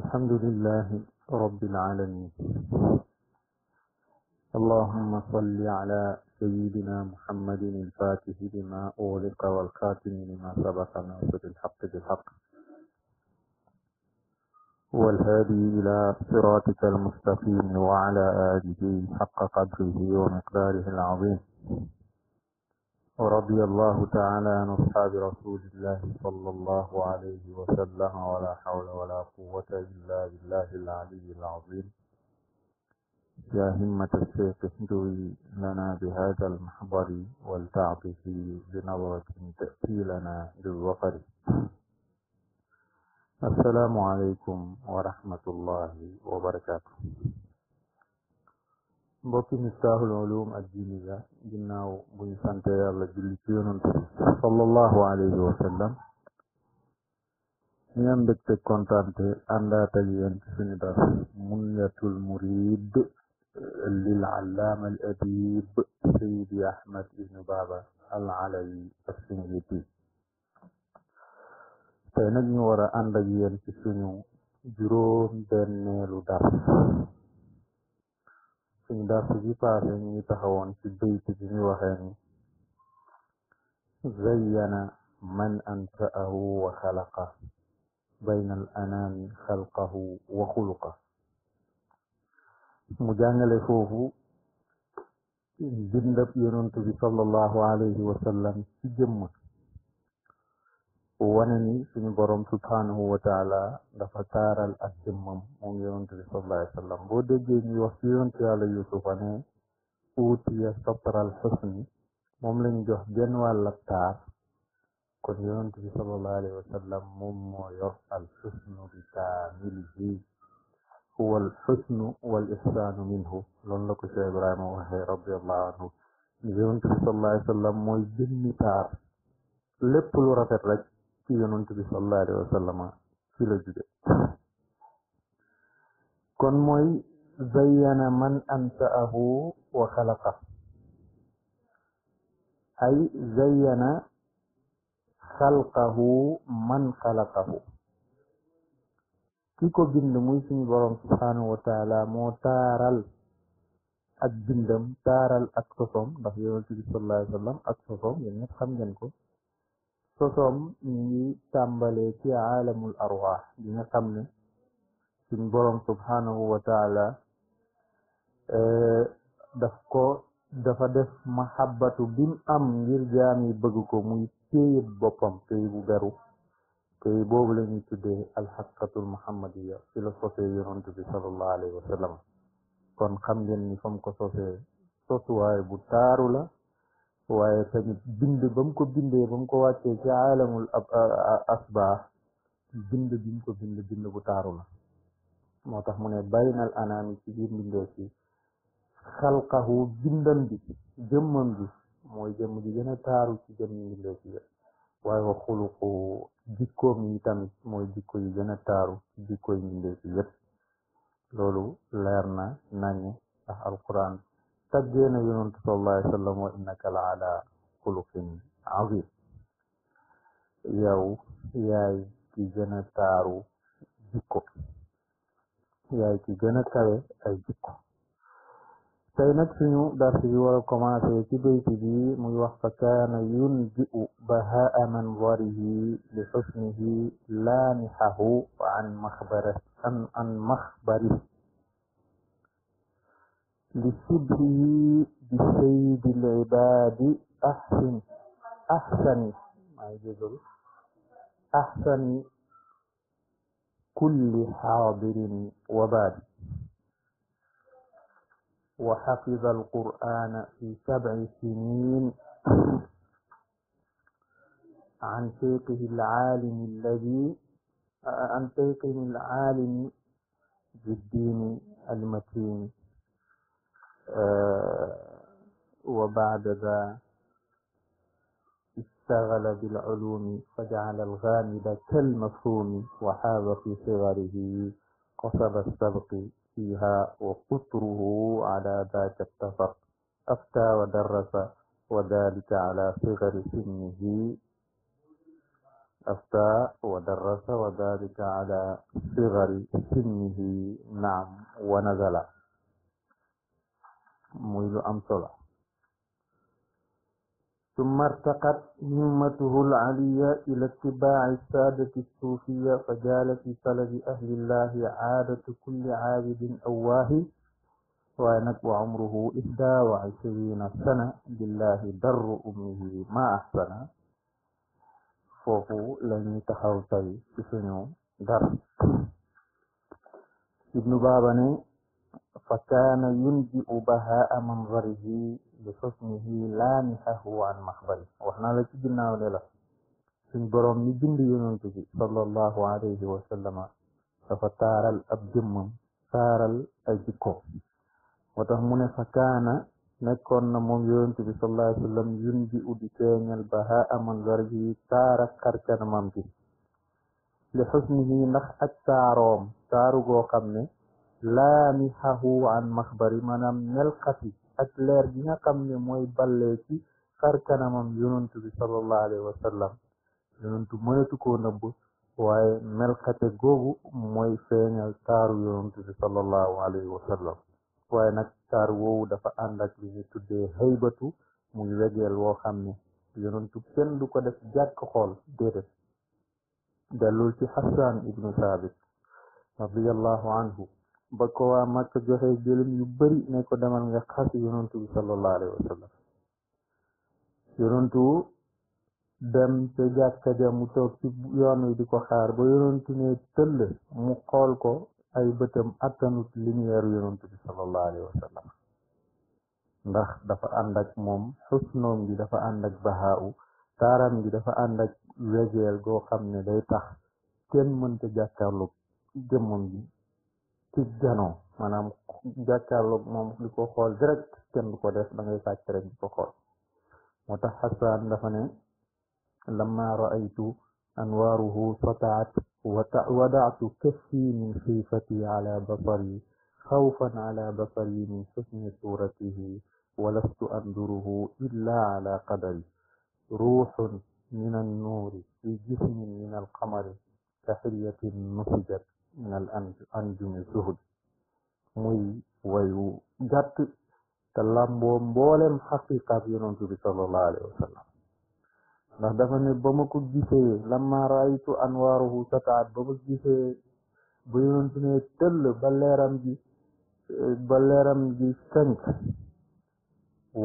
الحمد لله رب العالمين اللهم صل على سيدنا محمد الفاتح بما أغلق والكاتم لما سبق ناصر الحق بالحق والهادي إلى صراطك المستقيم وعلى آله حق قدره ومقداره العظيم ورضي الله تعالى عن أصحاب رسول الله صلى الله عليه وسلم ولا حول ولا قوة إلا بالله العلي العظيم يا همة الشيخ اهدوي لنا بهذا المحضر ولتعطه بنظرة تأتي لنا بالوقر السلام عليكم ورحمة الله وبركاته بطي مفتاح العلوم الدينية قلنا بإنسان تيار لجلسيون صلى الله عليه وسلم نيان بكتك كونتانت أندا تجين سندا منية المريد للعلام الأديب سيد أحمد بن بابا العلي السنجدي تنجي ورا أندا جين سندا جروم بنيلو suñ dars bi paase ñu ngi taxawoon ci bayt bi ñu waxee ni zayyana man ansa'ahu wa xalaqa bayna al anaami xalqahu wa xuluqa mu jàngale foofu bindab yonantu bi sallallahu alayhi wa sallam ci jëmm wane ni suñu borom subhanahu dafa taaral ak moom yonent bi sallallahu boo déggee ñuy wax ci yonent yàlla yusufa ne uutiya satral xusni moom lañ jox genn wàll ak taar kon yonent bi sallallahu alayhi moom moo al xusnu bi kaamilihi huwa al xusnu wal ihsaanu minhu loolu la ko Cheikh Ibrahima waxee mooy jëmmi taar lépp lu rafet rek ci yonent kon mooy zayyana man ansaahu wa xalaqa ay zayyana xalqahu man xalaqahu ki ko bind muy suñu boroom wa taala moo taaral ak bindam taaral ak sosom ndax yonent bi wa sallam ak sosom yéen ñëpp xam ngeen ko sosoom ñu ngi tàmbalee ci aalamul arwaax bi nga xam ne suñ boroom subhaanahu wa taala eh, daf ko dafa def mahabbatu bim am ngir jaam yi bëgg ko muy boppam péy bu beru péy boobu la ñuy tuddee alxaqqatul muhammadiya ci la sosee yonent bi sallallahu wa sallam kon xam ngeen ni fam ko sosee sosuwaay bu taaru la waaye tamit bind ba mu ko bindee ba mu ko wàccee ci aalamul asbaax bind bi mu ko bind bind bu taaru la moo tax mu ne baynal anaami ci biir mbindee si xalqahu bindam bi jëmmam bi mooy jëmm gën a taaru ci jëmmi mbindee si yi tamit mooy jikko yi gën a taaru loolu leer na nañu ndax alquran تجينا بنونت صلى الله عليه وسلم وإنك لعلى خلق عظيم يو ياي كي جنة تارو جيكو ياي كي جنة تارو أي جيكو تينك سنو دار سيدي ورا كما سيدي بيتي بي مي وقت كان ينجئ بهاء منظره لحسنه لا نحه عن مخبره عن مخبره لشبهه بسيد العباد أحسن أحسن أحسن كل حاضر وباد وحفظ القرآن في سبع سنين عن شيخه العالم الذي عن شيخه العالم بالدين المتين آه، وبعد ذا اشتغل بالعلوم فجعل الغامد كالمفهوم وحاب في صغره قصب السبق فيها وقطره على ذاك التفرق أفتى ودرس وذلك على صغر سنه أفتى ودرس وذلك على صغر سنه نعم ونزل أم أمثلة ثم ارتقت همته العلية إلى اتباع السادة الصوفية فجال في سلف أهل الله عادة كل عابد أواه وينك وعمره إحدى وعشرين سنة لله در أمه ما أحسن فهو لن يتحوطي في سنو در ابن بابا فكان ينجئ بهاء منظره لحسنه laamihahu huwa an maxbari wax naa la ci ginnaaw ne la suñ boroom mi bind yonent bi sallallahu alayhi wa sallama dafa taaral ab jëmmam taaral ay jikkoom moo tax mu ne fa kaana nekkoon na moom yonent bi sallallahu alayhi wa sallam yundi udi feeñal bahaa manzarhi taara karkanamam bi li xusnihi ndax ak taaroom taaru goo xam ne laamihahu an maxbari maanaam melkati ak leer gi nga xam ni mooy ballee ci kanamam yonantu bi sallallahu alayhi wa sallam yonantu mënatu koo nëbb waaye googu mooy feeñal taaru yonantu bi sallallahu alayhi wa sallam waaye nag taar woowu dafa ànd ak li ñu tuddee xëybatu muy wegeel woo xam ni yonantu kenn du ko def jàkk xool déedéet dellul ci xasaan ibnu saabit radiallahu anhu ba ko waa Makka joxe gëlëm yu bari ne ko demal nga xas yonantu bi sallallahu alayhi wa sallam dem ca jàkka ja mu toog ci yoon wi di ko xaar ba yonantu ne tëll mu xool ko ay bëtam attanut lumière yonantu bi sallallahu alayhi wa ndax dafa ànd moom xusnoom gi dafa ànd ak bahaawu taaram gi dafa ànd ak wegeel goo xam ne day tax kenn mënta jàkkaarlu jëmmam gi ci manam maanaam jàkkaarloog moom di ko direct ken du ko def da ngay sàcc rek diko xol motax hasan tax xasaan dafa ne lamma raaytu anwaruhu sataat wa ta'wada'tu kaffi min khifati ala basari khawfan ala basari min husni suratihi wa lastu anduruhu illa ala qadari ruhun min an-nur fi jismin min al-qamari كحلية نسجت minal anjumi zuhud muy wayu gàtt te làmboo mboolem xaqiqaat yonentu bi sallallahu alayhi wa sallam ndax dafa ne ba ma ko gisee lamma raaytu anwaaruhu sataat ba ma gisee ba yonentu ne tëll ba leeram gi ba leeram gi fenk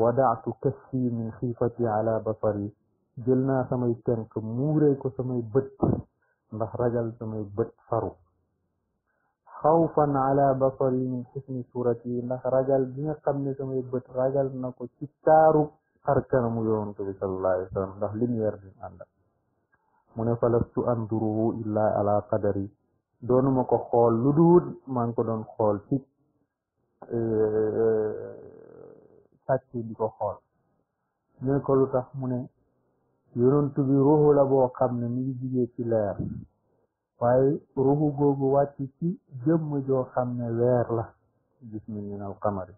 wadaatu kassi min xiifati ala basari jël naa samay tenk muuree ko samay bët ndax ragal samay bët faru xawfan ala basari min xusni surati ndax rajal bi nga xam ne samay bët ragal na ko ci taaru xar kanamu yonent bi sallallahu alayhi wa sallam ndax lumière bi mu àndal mu ne falastu anduruhu illa ala qadari doonuma ko xool lu duut maa ngi ko doon xool ci eh, sàcc di ko xool ñu ne tax mu ne yonent bi ruuxu la boo xam ne mi ngi jigee ci leer waaye ruuxu googu wàcc ci jëmm joo xam ne weer la gis mi minal xamari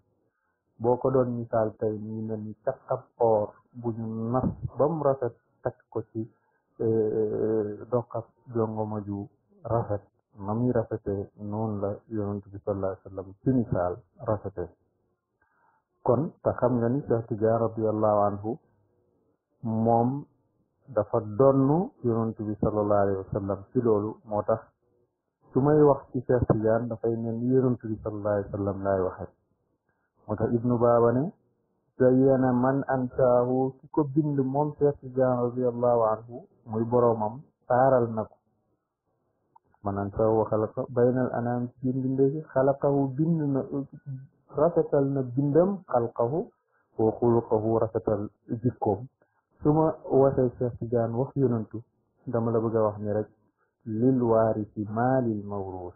boo ko doon misaal tey mi ngi ni caqab or bu ñu nas ba mu rafet takk ko ci eh, eh, doqab jongoma ju rafet na muy rafete noonu la yonent bi sallallahu alayhi wa sallam ci misaal rafete kon te xam nga ni Cheikh Tidiane radiyallahu anhu moom dafa donn yonent bi sallallahu alayhi wa sallam ci loolu moo tax su may wax ci Cheikh Tidiane dafay mel ni yonent bi sallallahu alayhi wa sallam moo tax ibnu baaba ne zayyana man ansaahu ki ko bind moom Cheikh Tidiane radiallahu anhu muy boroomam taaral na ko man bind na rafetal na bindam xalqahu wa xuluqahu rafetal jikkoom su ma waxee Cheikh Tidiane wax yonantu dama la bëgg a wax ni rek lil waarisi maalil mawruus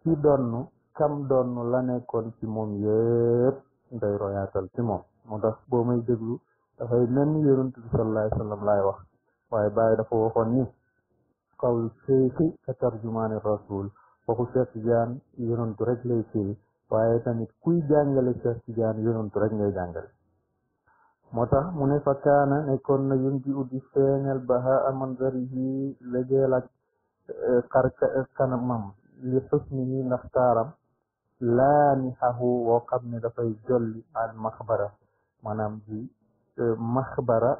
ci donnu kam donnu la nekkoon ci moom yëpp ngay royaatal ci moom moo tax boo may déglu dafay mel ni yonantu bi sallallahu alayhi wa sallam laay wax waaye bàyyi dafa waxoon ni qawl cheikhi ka tarjumaani rasul waxu Cheikh Tidiane yonantu rek lay firi waaye tamit kuy jàngale Cheikh Tidiane yonantu rek ngay jàngale moo tax mu ne fa kaana nekkoon na yum ji uddi feeñal baha amanzarihi lëgeel ak xar eh, eh, kanamam li xusnihi ndax taaram laa ni xaxu woo xam ne dafay jolli al maxbara maanaam ji eh, maxbara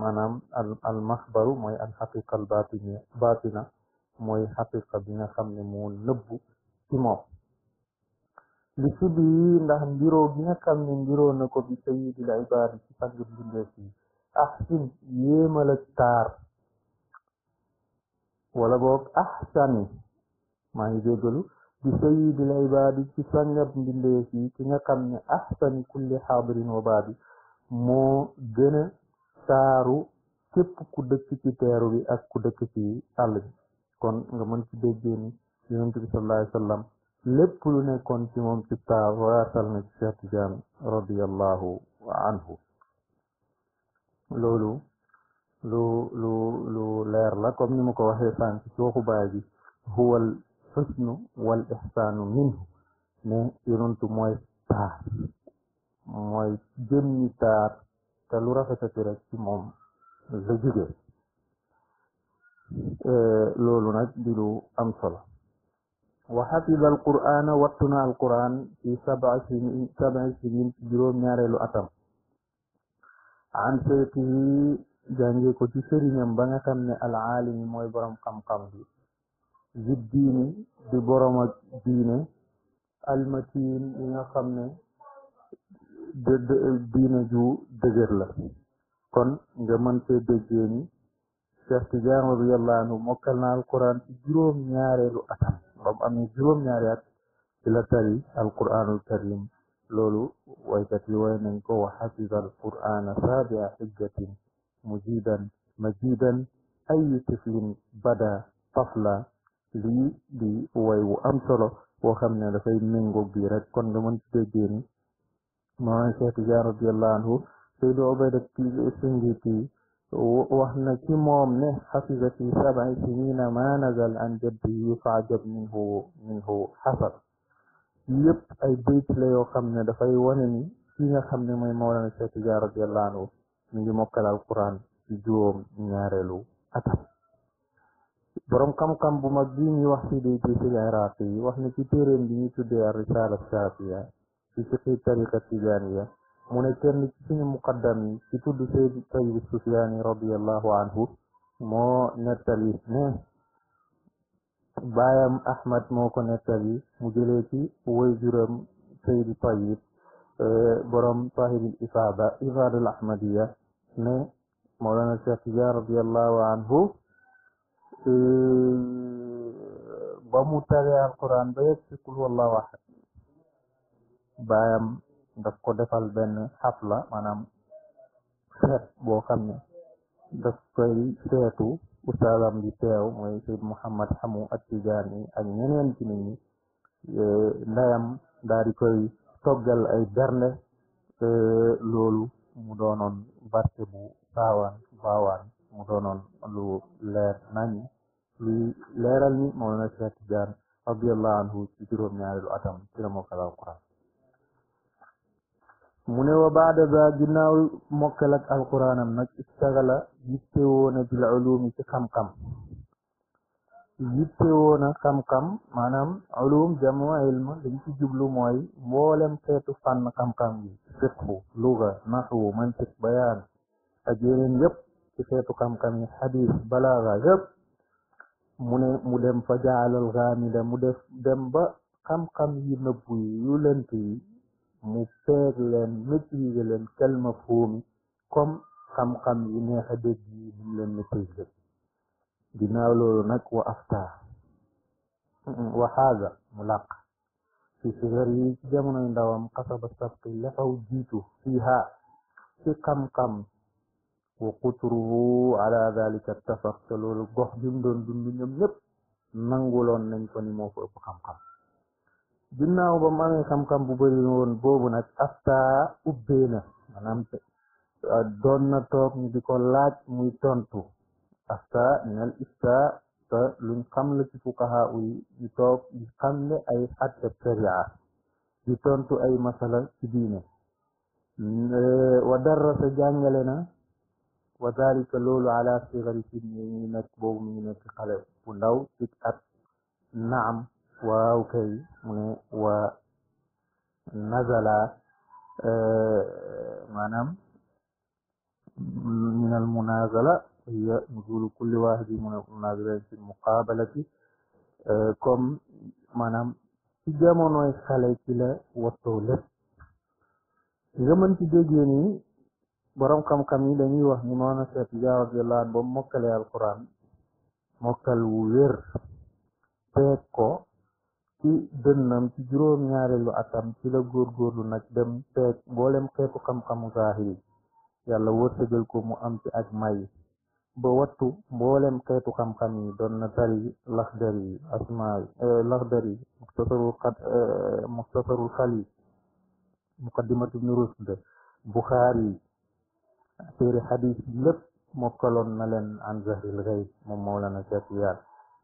maanaam al al maxbaru mooy al xaqiqa al batina batina mooy xaqiqa bi nga xam ne moo nëbbu ci ndi fiɓi ndah ndirogi hakkam min ndirono ko bi sayidil ibadi sifagirdindesi ahsin yemala taar wala bo ahsani ma yideegolu bi sayidil ibadi ci sangar ndindeesi ki nga xam ne ahsani kulli xadirin wa baadi moo gëna saaru képp ku dëkk ci teeru bi ak ku dëkk ci àll bi kon nga mën ci déggee ni yonente bi salallah ai sallam lépp lu nekkoon ci moom ci taa waatal na ci Cheikh Tidiane radiallahu anhu loolu lu lu leer la comme ni ma ko waxee sànq ci waxu baay bi huwa wal ixsaanu minhu ne yonantu mooy taar mooy jëmmi taar te lu rafetati rek ci moom la jóge eh, loolu nag di wa xafida alqur'aana wattuna alqur'aan fi sabci sinin sabci sinin ci juróom ñaareelu atam an seytihi jànge ko ci sëriñam ba nga xam ne alaalimi mooy boroom xam-xam bi zi diini di boroom ak diine almatiin yi nga xam ne diine ju dëgër la kon nga mën see شيخ تجار رضي الله عنه موكلنا القران جروم نياري الاتم رب امي جروم نياري الى تالي القران الكريم لولو ويكتي ويننكو حفظ القران سابع حجة مجيدا مجيدا اي طفل بدا طفلا لي لي وي امسلو وخمنا لفاي منغو بيرك كون دمان تجيني ما شيخ تجار رضي الله عنه سيدو عبيدك تيجي سنجي wax na ci moom ne xafisa fi sabai sinina ma nazal an jaddihi faajab minhu minhu xasar yëpp ay bayt la yoo xam ne dafay wane ni ki nga xam ne mooy Mawlana Cheikh Tidiane radiyallahu anhu mi ngi mokkal alquran ci juróom ñaareelu atam boroom xam-xam bu mag bi ñuy wax ci daytisil iraqi yi wax ne ci téeréem bi ñuy tuddee ar risala shafiya ci tariqa tijaniya mu ne kenn ci suñu muqaddam yi ci tudd sayd tayyib sufiyaani radiallahu anhu moo nettali ne baayam ahmad moo ko nettali mu jëlee ci woy juram sayd tayyib borom tahiril ifaada ifaadul ahmadiya ne moolana cheikh tidiane radiallahu anhu ba mu taree alquran ba yegg ci kul wallahu ahad baayam daf ko defal benn xafla maanaam seet boo xam ne daf koy seetu ustaadam bi teew mooy Seyd Mouhammad Hamu At-Tijaani ak ñeneen ci nit ñi ndayam daal di koy toggal ay bernde loolu mu doonoon barke bu saawaan baawaan mu doonoon lu leer nañu luy leeral ni moo na Seyd Tijaan radiyallahu anhu ci juróom ñaareelu atam ci la mokkal Alxuraan mu ne wa baada ba ginnaaw mokkal ak alquraanam nag istaxala yitte woona bil ulumi ci xam-xam yitte woona xam-xam maanaam ulum jamu ilm dañ ci jublu mooy mboolem xeetu fànn xam-xam yi fiqhu luga naxwu mantiq bayaan ak yeneen yépp ci xeetu xam-xam yi xadis balaaga yépp mu ne mu dem fa jaalal gaamida mu dem ba xam-xam yi nëbbu yi yu lënt yi mu peeg leen maîtriser leen kalma fóomi comme xam-xam yi neex a dégg yi ni mu leen maîtriser ginnaaw loolu nag wa aftar wa xaaga mu làq fi sigar yi ci jamonoy ndawam xasaba sabqi la faw jiitu fiiha ci xam-xam wa qutruhu ala dalika tafaq te loolu gox bi mu doon dund ñoom ñëpp nanguloon nañ ko ni moo fa ëpp xam-xam ginnaaw ba mu amee bu bëri woon boobu nag afta ubbee na maanaam ah, doon toog ñu di ko laaj muy tontu afta minal ifta te luñ xam la ci fuqaha yi ñu toog di xamle ay xatte sharia di tontu ay masala ci diine wa darasa jàngale na wa dalika loolu ala sigari sin yi ngi nekk boobu mi ngi nekk xale bu ndaw ci at naam waaw kay mu ne e, maanaam min al munazala hiya nuzulu kulli wahidin min al munazala fi muqabalati e, comme maanaam ci jamonoy xale ci la wattoo lépp nga mën ci borom xam-xam yi dañuy wax ni moo na seet yaa radiyallahu anhu ba mokkale alquran mokkal wu wér ci dënnam ci juróom ñaareelu atam ci la góorgóorlu nag dem seet mboolem xeetu xam-xamu zaahir yi yàlla wërsëgal ko mu am ci ak may ba wattu mboolem xeetu xam-xam yi doon na tari laxdar yi asmaa eh, laxdar yi muxtasarul xat eh, muxtasarul xal yi muqaddimatu ibnu rusd buxaar yi téere na leen an zahril gayb moom Mawlana Cheikh Tidiane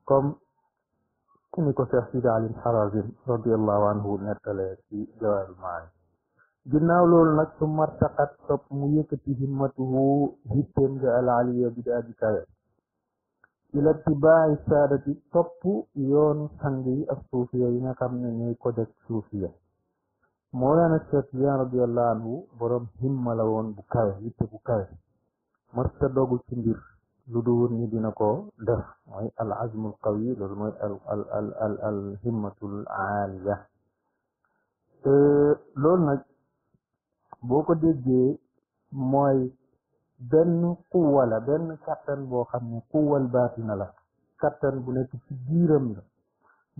comme ku ni ko seex sidi alim xarazim radiallahu anhu nettalee ci jawaabul maani ginnaaw loolu nag su martaqat topp mu yëkkati himmatuhu hippeem ga al aliya bi kawe ila tibaayi saadati topp yoon sang yi suufiya yi nga xam ne ñooy ko def suufiya moolaana seex sidi radiallahu anhu borom himma la woon bu kawe yitte bu kawe marta dogu ci mbir lu duur ni dina ko def mooy al azmul qawi loolu mooy al al al al al himmatul aaliya loolu boo ko déggee mooy benn quwa la benn kattan boo xam ne quwal baatina la kattan bu nekk ci biiram la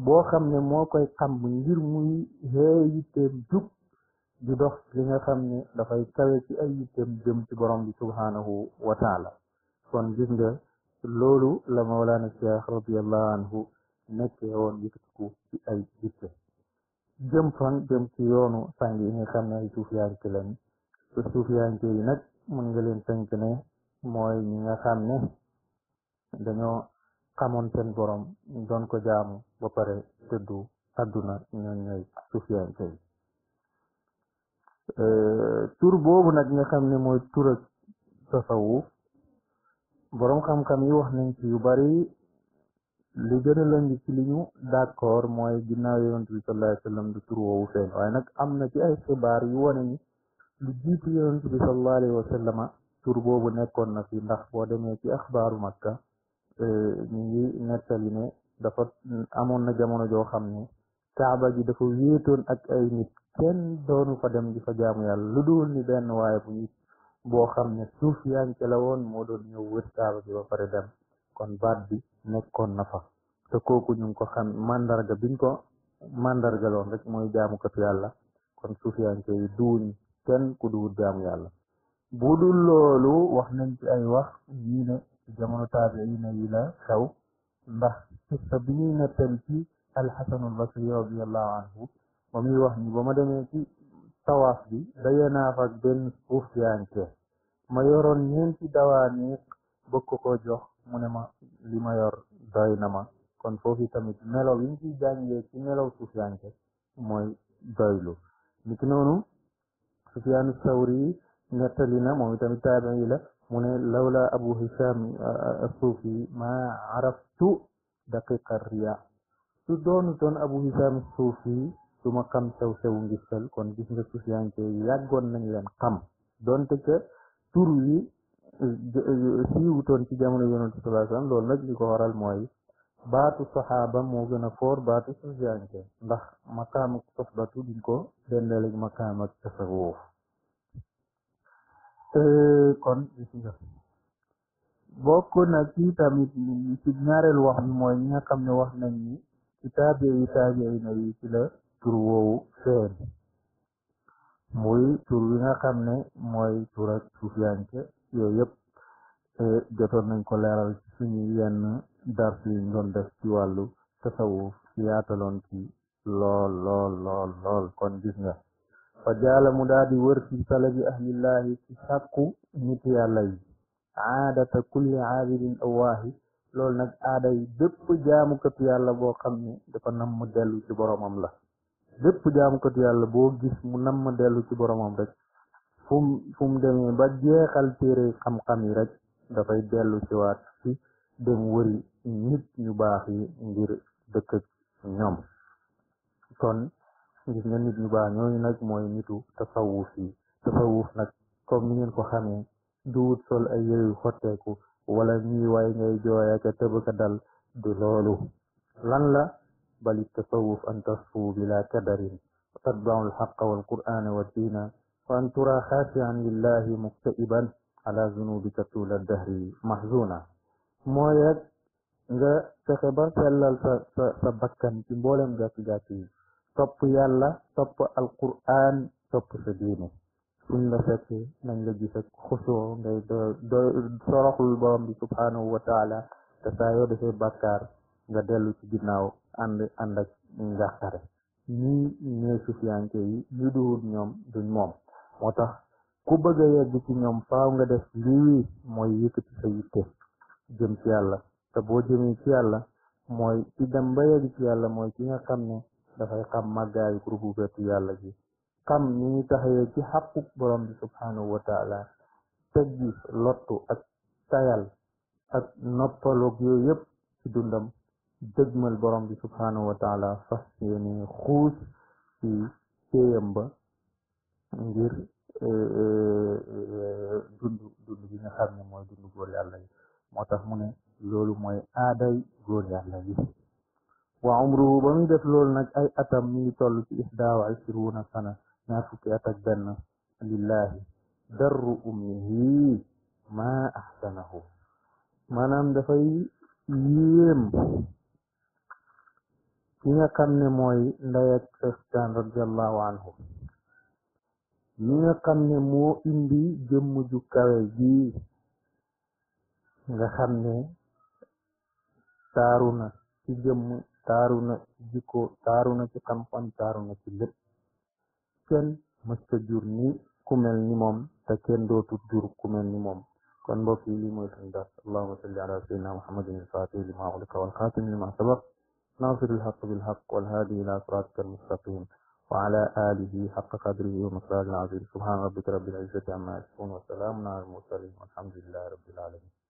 boo xam ne moo koy xam ngir muy xee yitteem jug di dox li nga xam ne dafay kawe ci ay yitteem jëm ci borom bi subhaanahu wa kon gis nga loolu la Mawlana Cheikh radiallahu anhu nekkee woon yëkkatiku ci ay jitte jëm fan jëm ci yoonu sàng yi nga xam ne ay suufiyanke lañ te suufiyanke yi nag mën nga leen tënk ne mooy ñi nga xam ne dañoo xamoon seen borom doon ko jaamu ba pare tëddu àdduna ñoom ñooy suufiyanke yi euh, tur boobu nag nga xam ne mooy tur ak borom xam-xam yi wax nañ ci bari li gën la lëng ci li ñu d'accord mooy ginnaaw yonent bi sallallahu alayhi du tur woowu feeñ waaye nag am na ci ay xibaar yu wane ni lu jiitu yonent bi sallallahu alayhi wa sallam tur boobu nekkoon na fi ndax boo demee ci axbaaru makka euh, ñu ngi nettali dafa amoon na jamono joo xam ne kaaba gi dafa wéetoon ak ay nit kenn doonu fa dem di fa jaamu yàlla lu dul ni benn waaye bu ñu boo xam ne suuf yaa ngi la woon moo doon ñëw wër kaaba bi ba pare dem kon baat bi nekkoon na fa te kooku ko xam mandarga biñ ko loon rek mooy jaamukatu yàlla kon suufiyanke yi duuñ kenn ku duwut jaamu yàlla bu dul loolu wax nañ ci ay wax yii ne ci jamono taabi na ne yi la xew ndax qissa bi ñuy nettal ci alxasanul basri radiallahu anhu ba muy wax ni ba ma demee ci tawaaf bi daje naa fa ak benn suufiyanke ma yoroon ñeenti dawaaniq bëgg ko jox mu ne ma li ma yor doy na ma kon foofu tamit melow yi ñu ciy jàngee ci melow suufiyanke mooy doylu niki noonu sufiyaanu sawri nettali na moom itamit taabi'i la mu ne lawla abu hisham suufi ma araftu daqiqa riya su doonu toon abu hisham suufi su ma xam sew sewu ngistal kon gis nga sufiyanke yi yàggoon nañ leen xam donte que tur yi euh, euh, siiwutoon ci jamono yonente sallallahu alayhi wasallam loolu nag li ko waral mooy baatu saxaaba moo gën a foor baatu sufiyanke ndax maqaam ak soxbatu duñ ko dendaleg maqaam ak tasawuf euh, kon gis nga bokk na ci tamit ci wax bi nga xam ne wax nañ ni ci taabiyi taabiyi na yi ci tur woowu feen muy tur wi nga xam ne mooy tur ak suufiyanke yooyu yëpp jotoon nañ ko leeral ci suñu yenn dars yiñ doon def ci wàllu tasawuf ci yaataloon ci lool lool lool kon gis nga fa jaala mu daal di wër fi talabi ahlillahi ci sàkku nit yàlla yi aadata kulli aabidin awaahi loolu nag aada yi bépp jaamukatu yàlla boo xam ne dafa nam mu dellu ci boromam la lépp bépp jaamukatu yàlla boo gis mu nam ma dellu ci boromam rek fu mu fu ba jeexal tere xam-xam rek dafay dellu ci waat ci dem wëri nit ñu baax yi ngir dëkk ñoom kon gis nga nit ñu baax ñooñu nag mooy nitu tasawuf yi tasawuf nag comme ni ngeen ko xamee duwut sol ay yëre yu xotteeku wala ñuy waay ngay jooya ca tëbaka dal du loolu lan la بل التصوف أن تصفو بلا كبر وتتبع الحق والقرآن والدين وأن ترى خاشعا لله مكتئبا على ذنوبك طول الدهر محزونا مؤيد إذا تخبر سلال سبكا تنبولا مجاك جاتي طب يالا طب القرآن طب سدينه sun la fekk nañ la gis ak xusu ngay do soroxul borom bi subhanahu wa ta'ala te saa yoo defee bakkar nga dellu ci ginnaaw ànd ànd ak njaaxare ñii ñooy sufiyanke yi ñu duwul ñoom duñ moom moo tax ku bëgg a yegg ci ñoom faaw nga def lii mooy yëkkati sa yitte jëm ci yàlla te boo jëmee ci yàlla mooy ci dem ba yegg ci yàlla mooy ki nga xam ne dafay xam màggaayu groupe betu yàlla ji xam ni ñu taxawee ci xàppu borom bi subhanahu wa taala teggi lottu ak tayal ak noppaloog yooyu ci dundam دگمل برام دی سبحانه وتعالى تعالی فست یعنی خوز کی شیم با گیر دندو دندو دینا خرم موی دندو گوری اللہی موتاف مونے لولو موی آدائی گوری اللہی و عمرو بمی دف لول نج ای اتم می تول کی احدا و سنة نافو کی دن لله در امیه ما احسنه منام دفعی یم ki nga xam ne mooy nday ak Seex Tijaan radiallahu anhu mi nga xam ne moo indi jëmm ju kawe nga xam ne taaru na ci jëmm taaru na ci jikko taaru na ci xam-xam taaru na ci lépp kenn mësta jur ni ku mel ni moom te kenn dootu jur ku mel ni moom kon mbokk yi lii mooy suñu dars allahuma salli ala sayyidina muhammadin al-fatihi lima ughliqa wal khatimi lima sabaq ناصر الحق بالحق والهادي إلى صراطك المستقيم وعلى آله حق قدره ومقداره العظيم سبحان ربك رب العزة عما يصفون وسلام على المرسلين والحمد لله رب العالمين